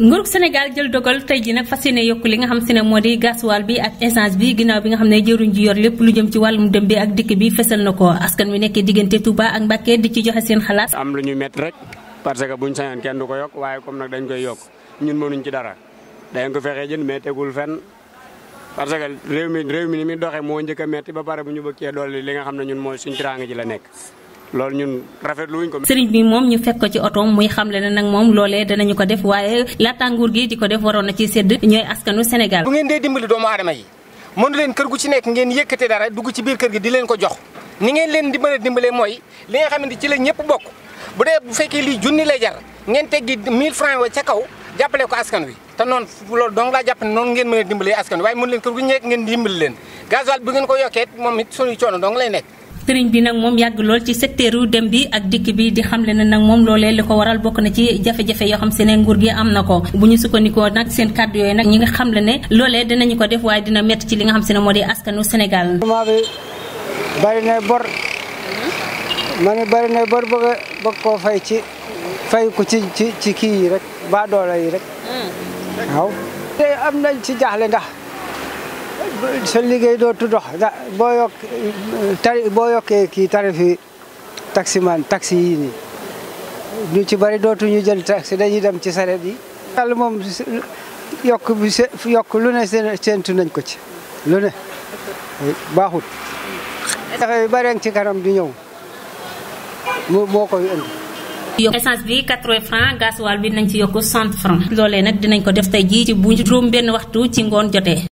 nguurug Sénégal jël dogal tey ji nag fas yéene yokk li nga xam se ne moo di waal bi ak essence bi ginnaaw bi nga xam ne jëruñ ji yor lépp lu jëm ci wàllum dem bi ak dikk bi fesal na ko askan wi nekkee diggante Touba ak Mbacké di ci joxe seen xalaat. am lu ñuy métti rek parce que buñ sañoon kenn du ko yokk waaye comme nag dañ koy yokk ñun mënuñ ci dara dañ ko fexee jënd mais tegul fenn parce que réew mi réew mi ni muy doxee moo njëkk a métti ba pare bu ñu bëggee li nga xam ne ñun mooy suñ tiraanga ji la nekk. loolu ñun rafetlu wuñ ko. sëriñ bi moom ñu fekk ko ci otoom muy xamle ne nag moom loole danañu ko def waaye laata nguur gi di ko def waroon na ci sédd ñooy askanu Sénégal. bu ngeen dee dimbali doomu aadama yi mënu leen kër gu ci nekk ngeen yëkkate dara dugg ci biir kër gi di leen ko jox ni leen di mën mooy li nga xamante ci la ñëpp bokk bu dee bu fekkee lii junni lay jar ngeen teggi 1000 francs wa ca kaw ko askan te noonu loolu donc laa jàpp ne noonu ngeen mën a leen kër gu nekk ngeen dimbali leen gasoil bi ngeen ko yokkee moom suñu coono dong lay nekk sëriñ bi nag moom yàgg lool ci secteuru dem bi ak dikk bi di xamle na nag moom loolee li ko waral bokk na ci jafe-jafe yoo xam se ne nguur gi am na ko bu ñu sukkandikoo nag seen kàddu yooyu nag ñi nga xam le ne loolee dinañu ko def waaye dina métti ci li nga xam se ne moo di askanu Sénégal bari na bor ma ne bari na bor bëgg bëgg koo fay ci fay ko ci ci ci kii yi rek baa doola yi rek hmm. waaw te am nañ ci jaaxle ndax sa liggéey dootu dox da boo yokkee kii tarif yi taximan taxi yi nii ñu ci bari dootu ñu jël taxi dañuy dem ci saret yi yàlla moom yokk lu ne séentu nañ ko ci lu ne baaxut dafay bëri ci kanam di ñëw mu moo koy indi yokk essence bi 80 francs gasoil bi nañ ci yokk 100 francs loole nag dinañ ko def tey jii ci bu juróom benn waxtu ci ngoon jotee